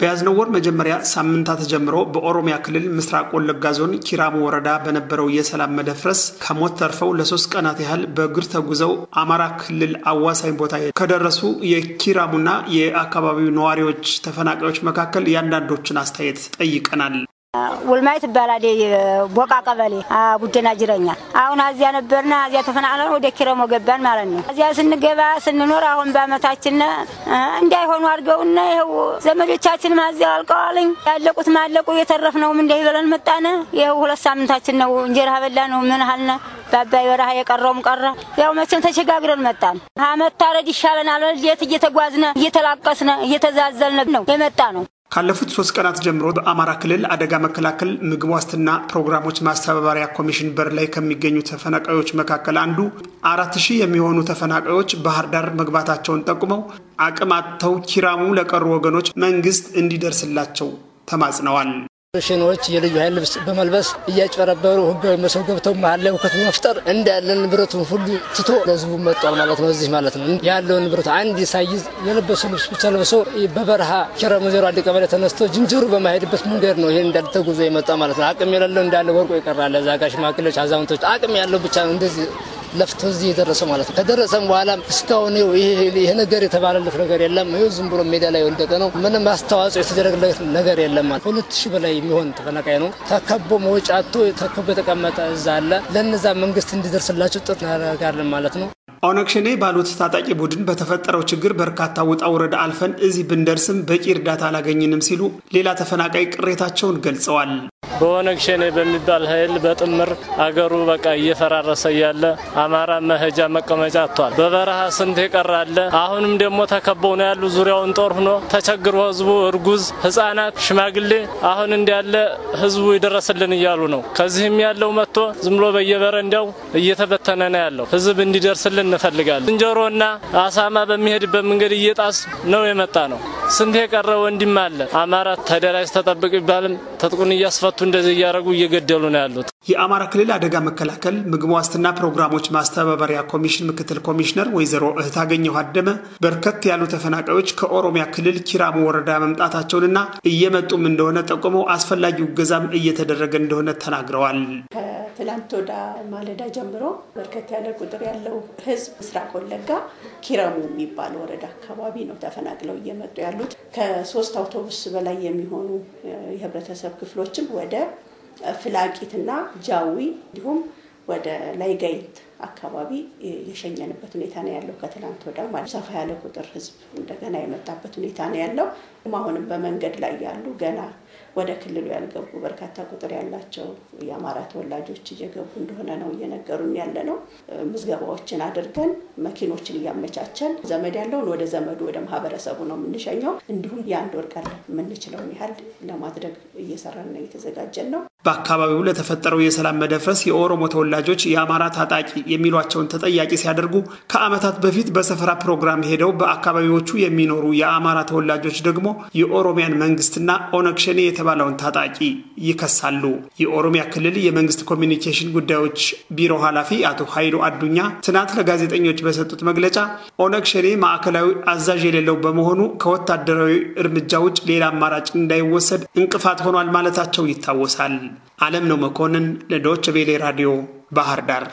በያዝነው ወር መጀመሪያ ሳምንታት ጀምሮ በኦሮሚያ ክልል ምስራቅ ወለጋ ዞን ኪራሙ ወረዳ በነበረው የሰላም መደፍረስ ከሞት ተርፈው ለሶስት ቀናት ያህል በእግር ተጉዘው አማራ ክልል አዋሳኝ ቦታ ከደረሱ የኪራሙና የአካባቢው ነዋሪዎች ተፈናቃዮች መካከል የአንዳንዶችን አስተያየት ጠይቀናል። ውልማይ ይባላል። ቦቃ ቀበሌ ቡደና ጅረኛ አሁን አዚያ ነበርና አዚያ ተፈናቅለን ወደ ኪረሞ ገባን ማለት ነው። እዚያ ስንገባ ስንኖር አሁን በአመታችን እንዳይሆኑ አድርገውና ይኸው ዘመዶቻችን ማዚያው አልቀዋልኝ ያለቁት ማለቁ የተረፍነውም ብለን መጣነ። ይኸው ሁለት ሳምንታችን ነው። እንጀራ በላ ነው ምን አልነ በአባይ በረሃ የቀረውም ቀረ። ያው መቼም ተሸጋግረን መጣን። መታረድ ይሻለናል። ሌት እየተጓዝነ እየተላቀስነ እየተዛዘልነ ነው የመጣ ነው። ካለፉት ሶስት ቀናት ጀምሮ በአማራ ክልል አደጋ መከላከል ምግብ ዋስትና ፕሮግራሞች ማስተባበሪያ ኮሚሽን በር ላይ ከሚገኙ ተፈናቃዮች መካከል አንዱ አራት ሺህ የሚሆኑ ተፈናቃዮች ባህር ዳር መግባታቸውን ጠቁመው አቅም አጥተው ኪራሙ ለቀሩ ወገኖች መንግስት እንዲደርስላቸው ተማጽነዋል። ሽኖች የልዩ ኃይል ልብስ በመልበስ እያጭበረበሩ ህጋዊ መሰብ ገብተው መሀል ላይ ውከት መፍጠር እንዳለ ንብረቱን ሁሉ ትቶ ለህዝቡ መጧል ማለት ነው። እዚህ ማለት ነው ያለውን ንብረቱ አንድ ሳይዝ የለበሱ ልብስ ብቻ ለብሶ በበረሃ ኪረሙ ዜሮ አንድ ቀበሌ ተነስቶ ጅንጀሩ በማሄድበት መንገድ ነው ይህን እንዳለ ተጉዞ የመጣ ማለት ነው። አቅም የሌለው እንዳለ ወርቆ ይቀራል። ዛጋ ሽማግሌዎች፣ አዛውንቶች አቅም ያለው ብቻ ነው እንደዚህ ለፍቶ እዚህ የደረሰ ማለት ነው። ከደረሰም በኋላ እስካሁን ይሄ ነገር የተባለለት ነገር የለም። ዝም ብሎ ሜዳ ላይ የወደቀ ነው። ምንም አስተዋጽኦ የተደረገለት ነገር የለም። ሁለት ሺህ በላይ የሚሆን ተፈናቃይ ነው ተከቦ መውጫ አቶ ተከቦ የተቀመጠ እዛ አለ። ለነዛ መንግስት እንዲደርስላቸው ጥረት እናደርጋለን ማለት ነው። ኦነግ ሸኔ ባሉት ታጣቂ ቡድን በተፈጠረው ችግር በርካታ ውጣ ውረድ አልፈን እዚህ ብንደርስም በቂ እርዳታ አላገኝንም ሲሉ ሌላ ተፈናቃይ ቅሬታቸውን ገልጸዋል። በኦነግ ሸኔ በሚባል ኃይል በጥምር አገሩ በቃ እየፈራረሰ እያለ አማራ መሄጃ መቀመጫ አጥቷል። በበረሃ ስንት ይቀራለ። አሁንም ደግሞ ተከበው ነው ያሉ። ዙሪያውን ጦር ሆኖ ተቸግሮ ህዝቡ እርጉዝ፣ ህጻናት፣ ሽማግሌ አሁን እንዳለ ህዝቡ ይደረስልን እያሉ ነው። ከዚህም ያለው መጥቶ ዝም ብሎ በየበረንዳው እየተበተነ ነው ያለው። ህዝብ እንዲደርስልን እንፈልጋለን። ዝንጀሮና አሳማ በሚሄድበት መንገድ እየጣስ ነው የመጣ ነው። ስንት የቀረ ወንድም አለ። አማራ ተደራጅ ተጠብቅ ይባልም ተጥቁን እያስፈቱ እንደዚህ እያደረጉ እየገደሉ ነው ያሉት። የአማራ ክልል አደጋ መከላከል ምግብ ዋስትና ፕሮግራሞች ማስተባበሪያ ኮሚሽን ምክትል ኮሚሽነር ወይዘሮ እህት አገኘሁ አደመ በርከት ያሉ ተፈናቃዮች ከኦሮሚያ ክልል ኪራሙ ወረዳ መምጣታቸውንና እየመጡም እንደሆነ ጠቁመው አስፈላጊው እገዛም እየተደረገ እንደሆነ ተናግረዋል። ከትላንት ወዳ ማለዳ ጀምሮ በርከት ያለ ቁጥር ያለው ህዝብ ምስራቅ ወለጋ ኪረሙ የሚባል ወረዳ አካባቢ ነው ተፈናቅለው እየመጡ ያሉት። ከሶስት አውቶቡስ በላይ የሚሆኑ የህብረተሰብ ክፍሎችም ወደ ፍላቂትና ጃዊ እንዲሁም ወደ ላይጋይት አካባቢ የሸኘንበት ሁኔታ ነው ያለው። ከትላንት ወዳ ማለት ሰፋ ያለ ቁጥር ህዝብ እንደገና የመጣበት ሁኔታ ነው ያለው። አሁንም በመንገድ ላይ ያሉ ገና ወደ ክልሉ ያልገቡ በርካታ ቁጥር ያላቸው የአማራ ተወላጆች እየገቡ እንደሆነ ነው እየነገሩን ያለ ነው። ምዝገባዎችን አድርገን መኪኖችን እያመቻቸን ዘመድ ያለውን ወደ ዘመዱ ወደ ማህበረሰቡ ነው የምንሸኘው። እንዲሁም የአንድ ወር ቀን የምንችለውን ያህል ለማድረግ እየሰራና እየተዘጋጀን ነው። በአካባቢው ለተፈጠረው የሰላም መደፍረስ የኦሮሞ ተወላጆች የአማራ ታጣቂ የሚሏቸውን ተጠያቂ ሲያደርጉ ከዓመታት በፊት በሰፈራ ፕሮግራም ሄደው በአካባቢዎቹ የሚኖሩ የአማራ ተወላጆች ደግሞ የኦሮሚያን መንግስትና ኦነግ ሸኔ የተባለውን ታጣቂ ይከሳሉ። የኦሮሚያ ክልል የመንግስት ኮሚኒኬሽን ጉዳዮች ቢሮ ኃላፊ አቶ ኃይሉ አዱኛ ትናንት ለጋዜጠኞች በሰጡት መግለጫ ኦነግ ሸኔ ማዕከላዊ አዛዥ የሌለው በመሆኑ ከወታደራዊ እርምጃ ውጭ ሌላ አማራጭ እንዳይወሰድ እንቅፋት ሆኗል ማለታቸው ይታወሳል። አለም ነው መኮንን ለዶች ቤሌ ራዲዮ ባህር ዳር